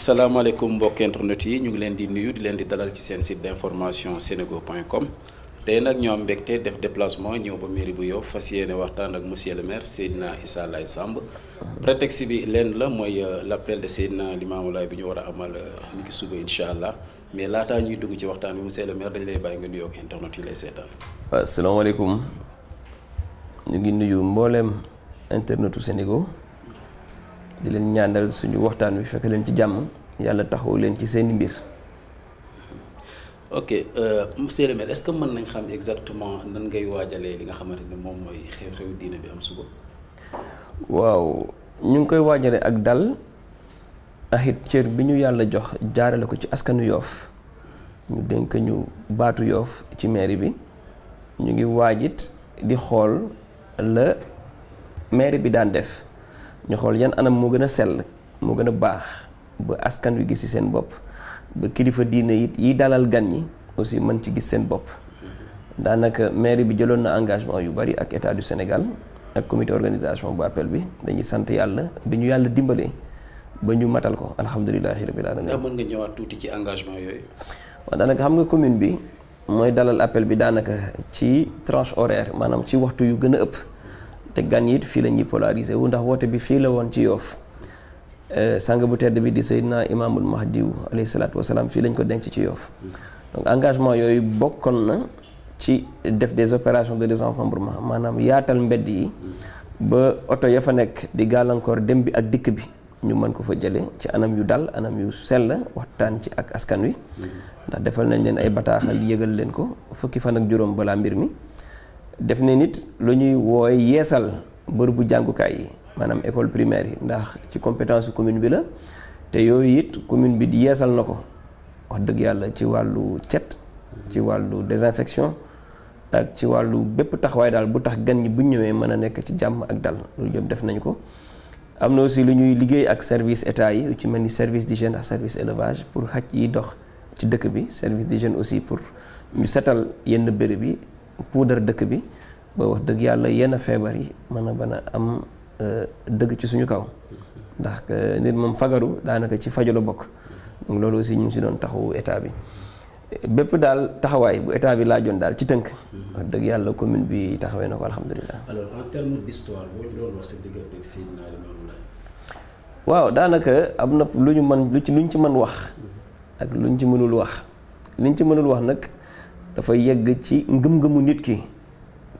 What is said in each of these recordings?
salaamaaleykum mbokk internet yi ñu ngi leen di nuyu di leen di dalal ci seen site d' information senego point com tey nag ñoo am mbégte def déplacement ñëw ba mairie bu Yoff fas yéene waxtaan ak monsieur le maire Seydina Issa Laye Samb prétexte bi leen la mooy euh, l' appel de Seydina Limamou Laye bi ñu war a amal euh, ni ki suba incha allah mais laataa ñuy dugg ci waxtaan bi monsieur le maire dañ lay bàyyi nga nuyoo ak internet yi lay seetaan. waaw salaamaaleykum ñu ngi nuyu mboolem internetu Sénégal di leen ñaanal suñu waxtaan bi fekk leen ci jàmm yàlla taxaw leen ci seen mbir. ok euh, monsieur le mën nañ xam exactement nan ngay waajalee li nga xamante ni moom mooy xew-xew diine bi am suba. waaw ñu ngi koy waajale ak dal ak cër bi ñu yàlla jox jaarale ko ci askanu yoof ñu dénk ñu baatu yoof ci mairie bi ñu ngi waajit di xool la mairie bi daan def ñu xool yan anam moo gën a sell moo gën a baax ba askan wi gis ci seen bopp ba kilifa diine it yi dalal gan ñi aussi mën ci gis seen bopp daanaka mairie bi jëloon na engagement yu bari ak état du Sénégal ak comité organisation bu appel bi dañuy sant yàlla bi ñu yàlla dimbalee ba ñu matal ko alhamdulilahi bi alamin mën nga ñëwaat tuuti ci engagement yooyu. waaw daanaka xam nga commune bi mooy dalal appel bi daanaka ci tranche horaire maanaam ci waxtu yu gën a ëpp te gan yit fii la ñuy polariser wu ndax woote bi fii la woon ci yoof Eh, sang bu tedd bi di na Imaamul Mahdiw alayhi salaatu wa salaam fii lañ ko denc ci yoof donc engagement yooyu bokkoon na ci def des opérations de désencombrement maanaam yaatal mbedd yi ba oto ya fa nekk di gàllankoor dem bi ak dikk bi ñu mën ko fa jële ci anam yu dal anam yu sell waxtaan ci ak askan wi ndax defal nañ leen ay bataaxal yëgal leen ko fukki fan ak juróom balaa mbir mi def ne nit lu ñuy wooy yeesal bërëbu jàngukaay yi maanaam école primaire yi ndax ci compétence commune bi la te yooyu it commune bi di yeesal na ko wax dëgg yàlla ci wàllu cet ci wàllu désinfection ak ci wàllu bépp taxawaay daal bu tax gan ñi bu ñëwee mën a nekk ci jàmm ak dal loolu yëpp def nañ ko am na aussi lu ñuy liggéey ak service état yi ci mel ni service d'hygiène ak service élevage pour xaj yi dox ci dëkk bi service d'hygiène aussi pour ñu setal yenn béréb yi puudar dëkk bi ba wax dëgg yàlla yenn feebar yi mën Euh, dëgg ci suñu kaw ndax euh, nit moom fagaru daanaka ci faju la bokk donc loolu aussi ñu ngi si doon taxawu état bi bépp daal taxawaay bu état bi laajoon daal ci tënk. dëgg yàlla commune bi taxawee na ko alhamdulilah. alors en terme d'histoire boo waaw daanaka am na lu ñu mën lu ci luñ ci mën wax ak lu luñ ci mënul wax liñ ci mënul wax nag dafa yegg ci ngëm-ngëmu nit ki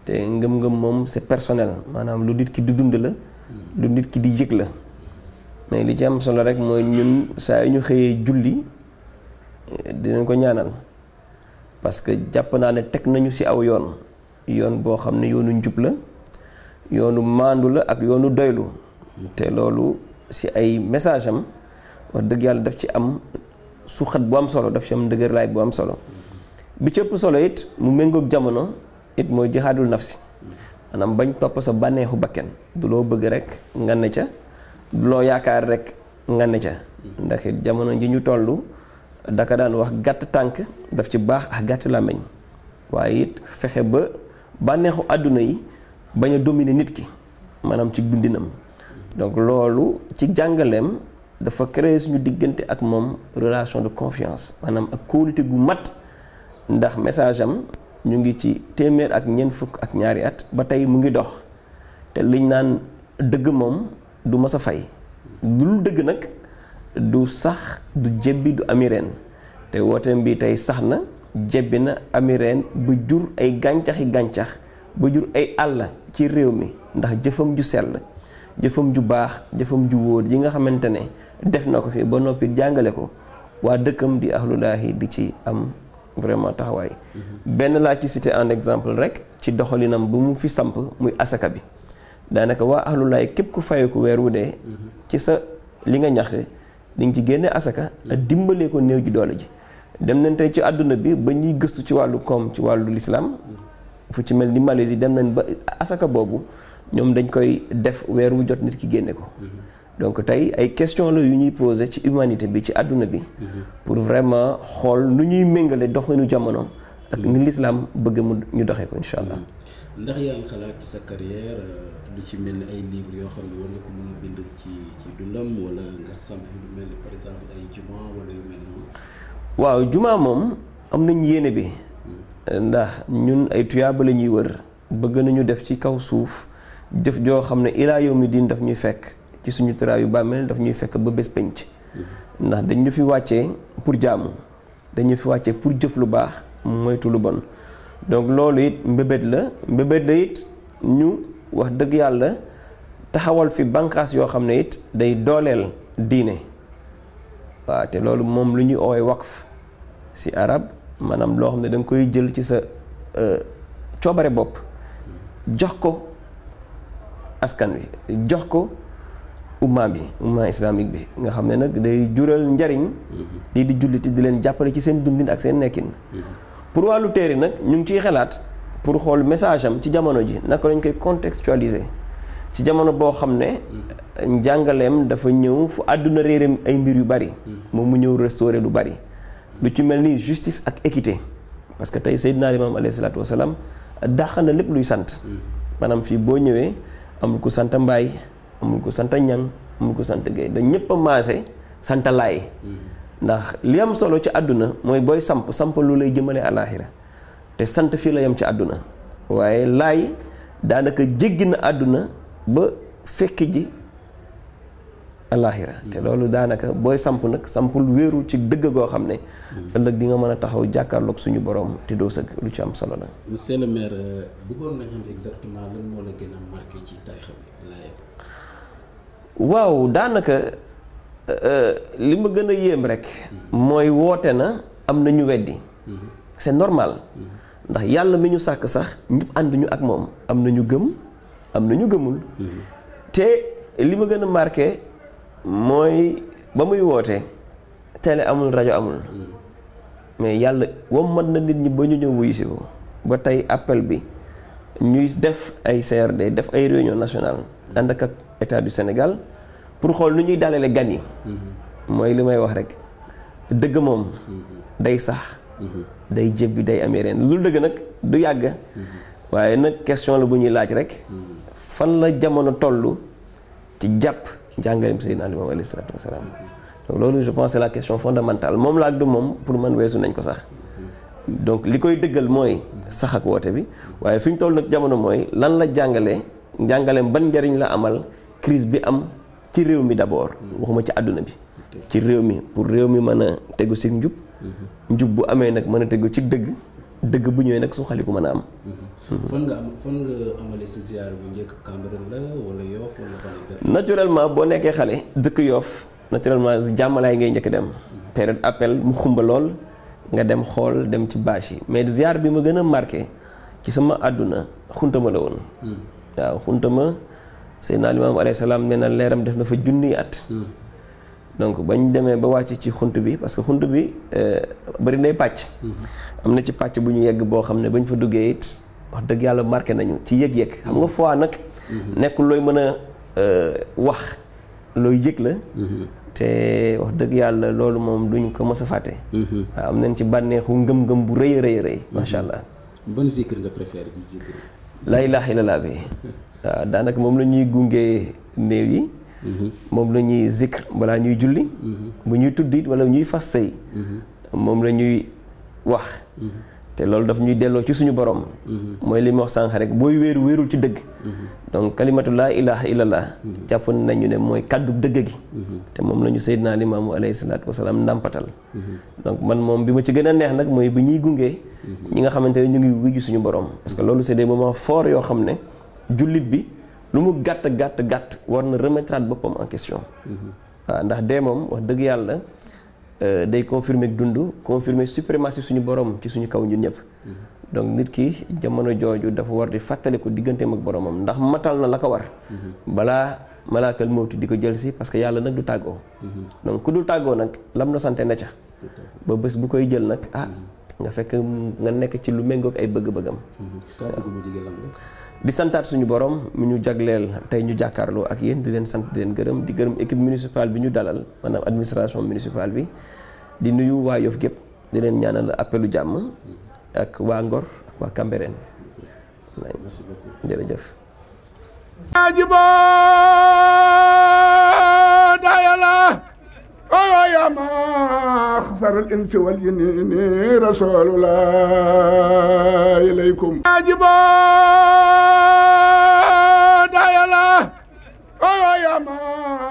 te ngëm-ngëm moom c'est personnel maanaam lu nit ki du dund la. lu nit ki di yëg la mais li ci am solo rek mooy ñun saa yu ñu xëyee julli dinañ ko ñaanal parce que jàpp naa ne teg nañu ci aw yoon yoon boo xam ne yoonu njub la yoonu maandu la ak yoonu doylu te loolu ci ay message am wax dëgg yàlla daf ci am suxat bu am solo daf ci am ndëgërlaay bu am solo bi cëpp solo it mu méngoog jamono it mooy jihaadul nafsi maanaam bañ topp sa bànneexu bakken du loo bëgg rek nga ca du loo yaakaar rek nga ne ca ndaxit jamono ji ñu toll daka daan wax gàtt tànk daf ci baax ak gàtt làmmiñ waaye it fexe ba bànneexu àdduna yi bañ a dominer nit ki maanaam ci dundinam donc loolu ci jàngaleem dafa créer suñu diggante ak moom relation de confiance maanaam ak kóolute gu mat ndax message am ñu ngi ci téeméer ak ñeent fukk ak ñaari at ba tey mu ngi dox te liñ naan dëgg moom du mas a fay lu dëgg nag du sax du jebbi du ami reen te wooteem bi tey sax na jebbi na ami reen ba jur ay gàncaxi gàncax ba jur ay àll ci réew mi ndax jëfam ju sell jëfam ju baax jëfam ju wóor yi nga xamante ne def na ko fi ba noppi jàngale ko waa dëkkam di ahlulaahi di ci am vraiment taxawaay. benn laa ci cité en exemple rek ci doxalinam bu mu fi samp muy asaka bi daanaka waa ahlulaay képp ku fayeku weer wu dee. ci sa li nga ñax di ci génne asaka. ak dimbalee ko néew ji doole ji. dem nañ tey ci àdduna bi ba ñuy gëstu ci wàllu koom ci wàllu lislaam fu ci mel ni Malaisie dem nañ ba asaka boobu ñoom dañ koy def weer wu jot nit ki génne ko. donc tey ay question la yu ñuy posé ci humanité bi ci àdduna bi mm-hmm. pour vraiment xool lu ñuy méngale doxinu jamono ak ni lislaam bëgg mu ñu doxee ko insha allah mm-hmm. ndax yaa ngi xalaat ci sa carrière lu euh, ci mel ni ay livres yoo xam ne wala nga juma waaw juma moom am nañ yéene bi mm-hmm. euh, ndax ñun ay tuyaaba la ñuy wër bëgg nañu def ci kaw suuf jëf joo xam ne ilaa yawmi diin daf ñuy fekk ci suñu tëraayu bàmmeel dafa ñuy fekk ba bés penc ndax dañ ñu fi wàccee pour jaamu dañu fi wàccee pour jëf lu baax moytu lu bon donc loolu it mbébét la mbébét la it ñu wax dëgg yàlla taxawal fi banqaas yoo xam ne it day dooleel diine waaw te loolu moom lu ñuy oowee waqf si arab maanaam loo xam ne da koy jël ci sa euh, coobare bopp jox ko askan wi jox ko umma bi umma islamique bi nga xam ne nag day jural njariñ mhm. lii di julliti di leen jàppale ci seen dundin ak seen nekkin mhm. pour wàllu teeri nag ñu ngi ciy xalaat pour xool message am ci jamono ji naka lañ koy contextualiser ci jamono boo xam ne mhm. njàngaleem dafa ñëw fu àdduna réeram ay mbir yu bari moom mu ñëw restauré lu bari lu ci mel ni justice ak équité parce que tey Seydina Limaam alayhi salaatu wasalaam dàq na lépp luy sant maanaam fii boo ñëwee amul ku sant mbaay amul ko sant ñan amul ko sant gay da ñëpp a maase sant laay mm-hmm. ndax li am solo ci àdduna mooy booy samp samp lu lay jëmale alaaxira te sant fii la yam ci àdduna waaye laay daanaka jéggi na àdduna ba fekk ji alaaxira te mm-hmm. loolu daanaka booy samp nag sampul weeru ci dëgg goo xam ne mm-hmm. ëllëg di nga mën a taxaw jàkkaarloog suñu borom te doo sëgg lu ci am solo nag monsieur le maire euh, a marqué ci waaw daanaka euh, euh, li ma gën a yéem rek. mooy woote na am na ñu weddi. Mm-hmm. c'est normal. Mm-hmm. ndax yàlla mi ñu sàkk sax ñëpp ànduñu ak moom am na ñu gëm am na ñu gëmul. Mm-hmm. te li ma gën a marqué mooy ba muy woote télé amul rajo amul. mais yàlla wommat na nit ñi ba ñu ñëw wuyu si ko ba tey appel bi ñuy def ay CRD def ay réunion nationale ànd ak état du Sénégal pour xool lu ñuy dalale gan yi. Mm-hmm. mooy li may wax rek dëgg moom. Mm-hmm. day sax. Mm-hmm. day jëb bi day amee reen lu dëgg nag du yàgg. waaye nag question la bu ñuy laaj rek. fan la jamono toll ci jàpp njàngaleem Seydina Limaamu alayhi salaatu loolu je pense la question fondamentale moom la ak du moom pour man weesu nañ ko sax. donc li koy dëggal mooy sax ak woote bi waaye fi ñu toll nag jamono mooy lan la jàngale njàngaleem ban njariñ la amal. crise bi am ci réew mi d'abord waxuma ci àdduna bi ci réew mi pour réew mi mën a tegu si njub njub bu amee nag mën a tegu ci dëgg dëgg bu ñëwee nag su ko mën a am mhm. fan nga am fan nga amale si njëkk Cambérène la wala Yoff naturellement boo nekkee xale dëkk Yoff naturellement jàmmalaay ngay njëkk dem période appel mu xumba lool nga dem xool dem ci bâche yi mais ziar bi ma gën a marqué ci sama àdduna xuntama la woon mhm. waaw xuntama Seydina Limaamu alayhi salaam nee na leeram def na fa junniy at. Hmm. donc bañ demee ba wàcc ci xunt bi parce que xunt bi euh, bari nay pàcc. Hmm. am na ci pàcc bu ñu yegg boo xam ne bañ fa duggee it wax dëgg yàlla marqué nañu ci yëg-yëg xam nga hmm. fois nag. nekkul looy mën a euh, wax looy yëg la. te wax dëgg yàlla loolu moom duñ ko mës a fàtte. waaw am nañ ci bànneexu ngëm-ngëm bu rëy a rëy rëy macha allah. ban zikr nga préféré laa ilaaha illallah bi waaw daanaka moom la ñuy gunge néew yi. Mm-hmm. moom la ñuy zikr balaa ñuy julli. Mm-hmm. bu ñuy tudd walla wala ñuy fas sëy mm-hmm. moom la ñuy wax. te loolu dafa ñuy delloo ci suñu borom. Mm-hmm. mooy li ma wax sànq rek booy wéeru wéerul ci dëgg. Mm-hmm. donc kalimatu laa ilaha illallah. Mm-hmm. jàppoon nañu ne mooy kàddu dëgg gi. te moom la ñu Seydina Limaamu alayhi salaatu wa salaam ndàmpatal. donc man moom bi ma ci gën a neex nag mooy bi ñuy gungee ñi nga xamante ne ñu ngi wujj suñu borom. parce que loolu c'est des moments forts yoo xam ne jullit bi lu mu gàtt gàtt gàtt war na remettre boppam en question. waaw ndax dee moom wax dëgg yàlla. Euh, day confirmer dund confirmer suprématie suñu borom ci suñu kaw ñun ñëpp. Mm-hmm. donc nit ki jamono jooju dafa war di fàttaliku digganteem ak boromam ndax matal na la ko war. Mm-hmm. balaa malaakal mawti di ko jël si parce que yàlla nag du tàggoo. Mm-hmm. donc ku dul tàggoo nag lam na sante na ca. ba bés bu koy jël nag ah. nga fekk nga nekk ci lu méngoog ay bëgg-bëggam. Mm-hmm. di santaat suñu boroom mu ñu jagleel tey ñu jàkkaarloo ak yéen di leen sant di leen gërëm di gërëm équipe municipale bi ñu dalal maanaam administration municipale bi di nuyu waa Yoff gépp di leen ñaanal appelu jàmm ak waa Ngor ak waa Cambérène. merci beaucoup أكثر الإنس والجن رسول الله إليكم أجبا دايلا أو يا مان